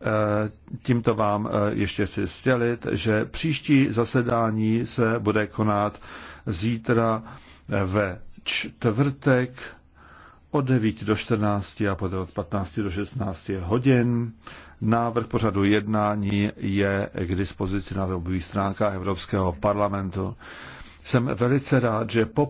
Eh, tímto vám eh, ještě chci sdělit, že příští zasedání se bude konat zítra eh, ve čtvrtek od 9 do 14 a poté od 15 do 16 hodin. Návrh pořadu jednání je k dispozici na webových stránkách Evropského parlamentu. Jsem velice rád, že po